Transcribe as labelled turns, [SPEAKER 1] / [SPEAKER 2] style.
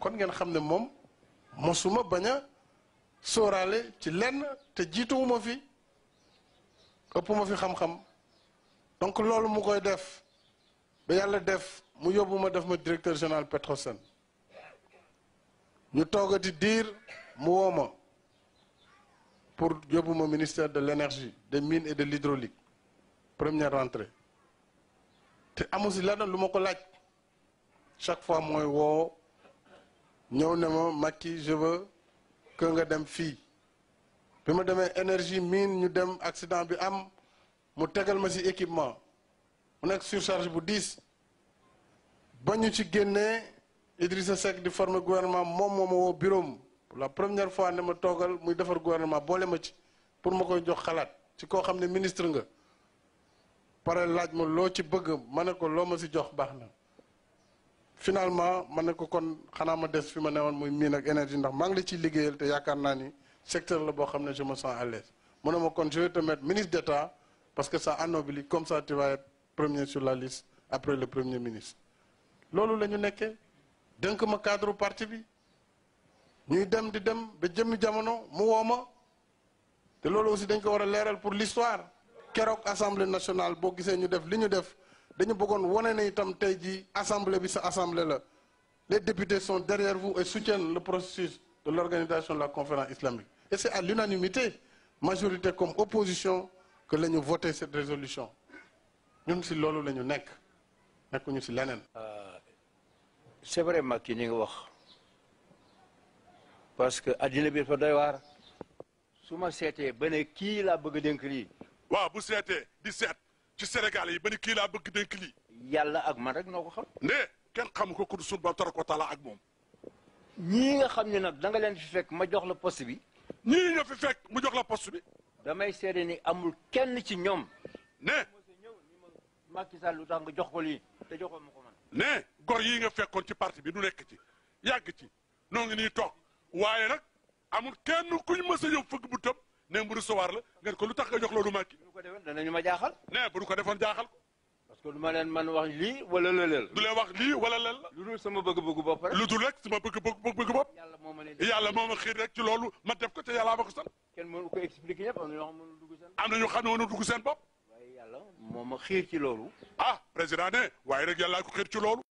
[SPEAKER 1] kon ngeen xam ne moom mosuma bañ a ci lenn te jiituwuma fi ëppuma fi xam donc loolu mu koy def ba def def ma directeur général Petrosen ñu Je diir mu woo pour yóbbu ministère de l'énergie des mines et de l'hydraulique première rentrée te amu chaque fois mooy ñëw ne ma Macky je veux nga dem fii bi ma demee énergie miin ñu dem accident bi am mu tegal ma ci équipement mu nekk surcharge bu diis ba ñu ci génnee Idrissa Seck di former gouvernement moom moo ma woo bureau la première fois ne ma toogal muy defar gouvernement boole ma ci pour ma koy jox xalaat ci koo xam ne ministre nga pare laaj ma loo ci bëgg ma ne ko loo ma ci jox baax na. finalement man ko kon xanaa ma des fi ma newoon muy mine ak energie ndax mang la ci liggéeyal te yaakaar naa ni secteur la bo xam je me sens à l'aise monama kon je vais te mettre ministre d'État parce que ça ennoblit comme ça tu vas être premier sur la liste après le premier ministre lolou lañu ñu donc ma cadre parti bi ñuy dem di dem ba jëm jamono mu woma te lolou aussi dañ ko wara a pour l'histoire kérok assemblée nationale bo gisee ñu def li ñu def assemblée les députés sont derrière vous et soutiennent le processus de l'organisation de la conférence islamique et c'est à l'unanimité majorité comme opposition que nous ñu voté cette résolution Nous sommes là. la ñu nekk euh, c'est
[SPEAKER 2] vrai ma ki parce que à bi le doy waar ma seetee ba ne bëgg li bu ci Sénégal yi ba ni kii laa bëgg dénk lii. yàlla ak man rek noo ko xam. ne kenn xamu ko ku dul sunu borom tabaaraka wa taala ak moom. ñii nga xam ne nag da nga leen fi fekk ma jox la poste bi. ñii nga fi fekk mu jox la poste bi. damay seede ni amul kenn ci ñoom. ne. Macky Sall lu tax nga jox ko lii te joxoon ma ko man. ne gor yii nga fekkoon ci parti bi du nekk ci yàgg ci noo ngi nii toog waaye nag amul kenn kuñ mës a yóbbu fëgg bu tëb ne mu recevoir la ngeen ko lu tax nga jox loolu Macky. danañu ma jaaxal. ne bu du ko defoon jaaxal ko. parce que du ma leen man wax lii wala lëleel. du leen wax lii wala lëleel. lu dul sama bëgg-bëggu bopp rek. lu dul moo ma yàlla moo ma xiir rek ci loolu ma def ko te la ma ko kenn mënu ko expliquer ñëpp mënu dugg seen. am na ñoo xiir ci loolu. ah président ne waaye rek yàlla ko xiir ci loolu.